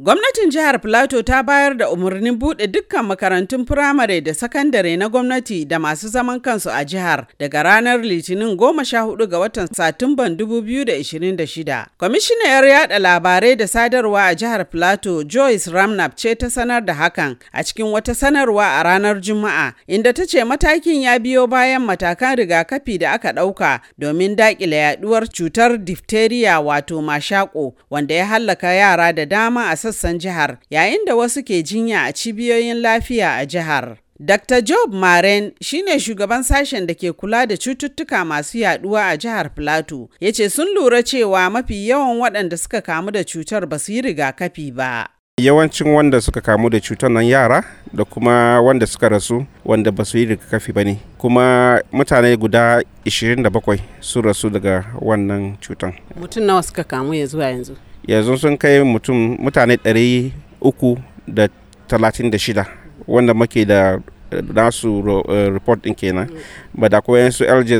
Gwamnatin jihar Plateau ta bayar da umarnin buɗe dukkan makarantun firamare da sakandare na gwamnati da masu zaman kansu a jihar daga ranar Litinin 14 ga watan Satumban 2026. Kwamishinayar yada labarai da sadarwa a jihar Plateau Joyce Ramnap ce ta sanar da hakan a cikin wata sanarwa a ranar Juma'a inda ta ce matakin ya biyo bayan matakan rigakafi da aka ɗauka domin daƙile yaduwar cutar diphtheria wato mashako wanda ya hallaka yara da dama a sassan jihar yayin da wasu ke jinya a cibiyoyin lafiya a jihar. Dr. Job Maren shine shugaban sashen da ke kula da cututtuka masu yaduwa a jihar Plateau. ya ce sun lura cewa mafi yawan waɗanda suka kamu da cutar ba su yi rigakafi ba. Yawancin wanda suka kamu da cutar nan yara da kuma wanda suka rasu wanda ba su yi rigakafi ba ne. Kuma mutane guda 27 sun rasu daga wannan cutar. Mutum nawa suka kamu ya zuwa yanzu? yanzu sun kai mutum mutane 336 wanda muke da eh, nasu eh, report din kenan ba da kuma yansu lj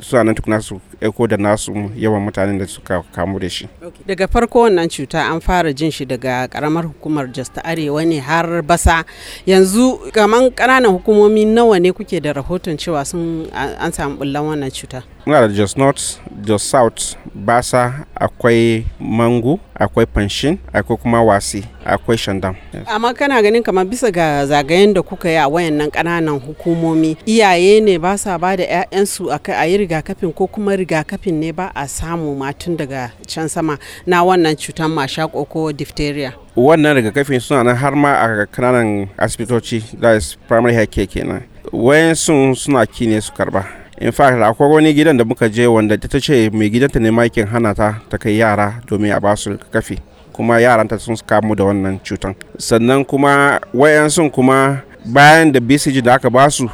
suna nan tukuna su eko da nasu yawan mutanen da suka kamu da shi daga farko wannan cuta an fara jin shi daga karamar hukumar Jasta arewa ne har basa yanzu kaman kananan hukumomi nawa ne kuke da rahoton cewa sun an samu bullan wannan cuta muna da jos north jos south basa akwai mangu akwai fanshin akwai kuma wasi akwai shandam amma kana ganin kamar bisa ga zagayen da kuka yi a wayannan kananan hukumomi iyaye ne ba sa sa ba da 'ya'yansu a yi rigakafin ko kuma rigakafin ne ba a samu matun daga can sama na wannan cutar mashako ko diphtheria wannan rigakafin suna nan har ma a kananan asibitoci da primary health care kenan wayansu suna kine su karba in fact akwai wani gidan da muka je wanda ta ce mai gidanta ne makin hana ta ta kai yara domin a basu rigakafi kuma yaranta sun kamu da wannan cutan sannan kuma wayansu kuma bayan da bcg da aka basu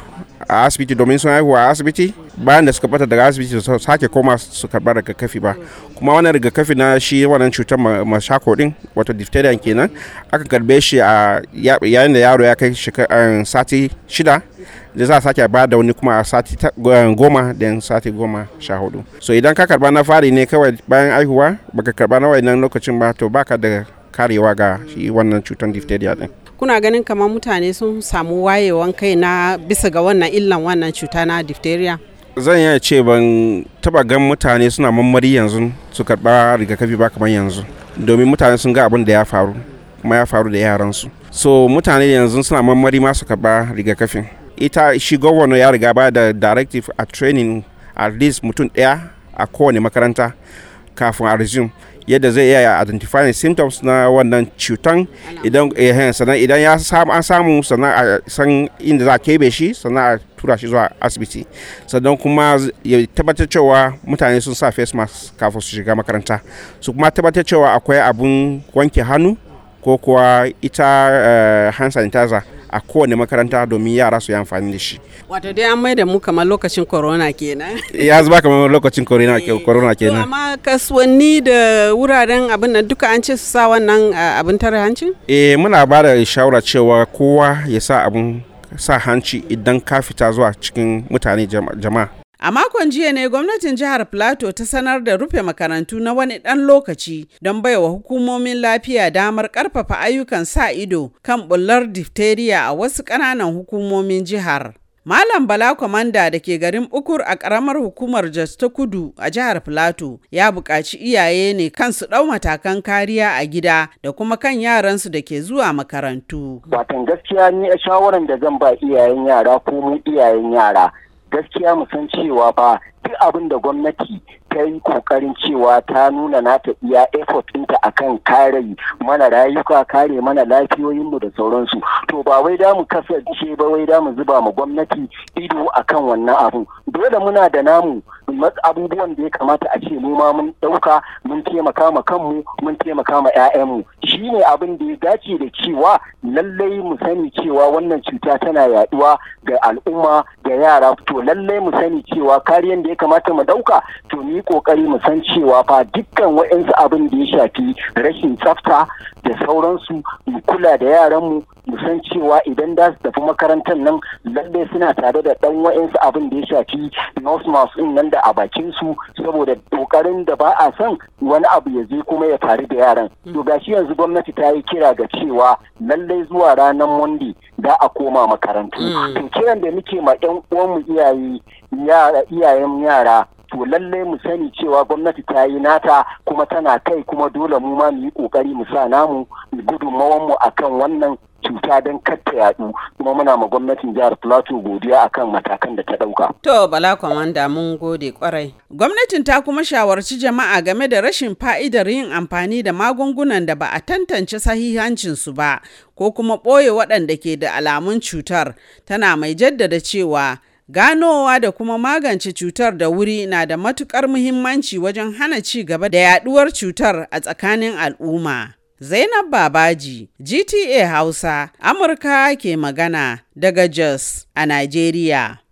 a asibiti domin sun haihu a asibiti bayan da suka bata daga asibiti su sake koma su karɓar rigakafi ba kuma wannan rigakafi na shi wannan cutar mashako din wato diphtheria kenan aka karbe shi a yayin da yaro ya kai eh, sati shida da za a sake ba da wani kuma a sati eh, goma da sati goma sha hudu so idan ka karba na fari ne kawai bayan haihuwa baka karba na wayannan lokacin ba to baka da karewa ga shi wannan cutar diphtheria din kuna ganin kamar mutane sun samu wayewan kai na bisa ga wannan illan wannan cuta na diphtheria zan iya ce ban taba gan mutane suna mammari yanzu su karɓa rigakafi ba kamar yanzu domin mutane sun ga abin da ya faru kuma ya faru da yaran su so mutane yanzu suna mammari ma su karɓa rigakafin ita shi gwamna ya riga ba da directive a training at least mutum daya a kowane makaranta kafin a resume yadda zai iya identifying symptoms na wannan cutan idan eh, sannan idan ya samu an samu sannan san inda za a kebe shi sannan a tura shi zuwa asibiti sannan kuma ya tabbatar cewa mutane sun sa face mask kafin su shiga makaranta su kuma tabbatar cewa akwai abun wanke hannu ko kuwa ita eh, hand sanitizer a kowane makaranta domin yara su yi amfani da shi wato dai an mai da mu kamar lokacin corona kenan ya zuba kamar lokacin corona eh, corona kenan amma kasuwanni da wuraren abin nan duka an ce su sa wannan abin tare hanci eh muna ba da shawara cewa kowa ya sa abin sa hanci idan ka fita zuwa cikin mutane jama'a A makon jiya ne gwamnatin jihar Plato ta sanar da rufe makarantu na wani ɗan lokaci don baiwa hukumomin lafiya damar ƙarfafa ayyukan sa ido kan bullar difteriya a wasu ƙananan hukumomin jihar. Malam Bala Kwamanda da ke garin Ukur a ƙaramar hukumar Jos ta Kudu a jihar Filato ya buƙaci iyaye ne kansu ɗau matakan kariya a gida da kuma kan yaransu da ke zuwa makarantu. Watan gaskiya ni a shawaran da zan ba iyayen yara ko mu iyayen yara gaskiya mu san cewa ba duk abin da gwamnati ta yi kokarin cewa ta nuna nata iya effort ɗinta akan kare mana rayuka kare mana lafiyoyinmu da sauransu to ba wai da mu kasance ba wai da mu zuba ma gwamnati ido akan wannan abu dole muna da namu abubuwan da ya kamata a ce mu ma mun ɗauka mun taimaka ma kanmu mun taimaka ma 'ya'yanmu ne abin da ya dace da cewa lallai mu sani cewa wannan cuta tana yaɗuwa ga al'umma ga yara to lallai mu sani cewa kariyan da ya kamata mu dauka to ni kokari mu san cewa fa dukkan wa'insu abin da ya shafi rashin tsafta da sauransu mu kula da yaranmu mu san cewa idan da su tafi makarantar nan lallai suna tare da dan wa'insu abin da ya shafi nose mask din nan da a bakin su saboda kokarin da ba a son wani abu ya je kuma ya faru da yaran to gashi yanzu gwamnati ta yi kira ga cewa lallai zuwa ranar monday da a koma makarantu mm. to kiran da muke ma yan uwanmu iyaye iyayen yara to lallai mu sani cewa gwamnati ta yi nata kuma tana kai kuma dole mu ma mu yi kokari mu sa namu gudunmawan mu akan wannan cuta don katta yadu kuma muna ma gwamnatin jihar plateau godiya akan matakan da ta ɗauka. to bala kwamanda mun gode kwarai gwamnatin ta kuma shawarci jama'a game da rashin fa'idar yin amfani da magungunan da ba a tantance sahihancinsu ba ko kuma ɓoye waɗanda ke da alamun cutar tana mai jaddada cewa ganowa da kuma magance cutar da wuri na da matukar muhimmanci wajen hana ci gaba da yaduwar cutar a tsakanin al'umma. Zainab Babaji, GTA Hausa, Amurka ke magana daga Jos a Najeriya.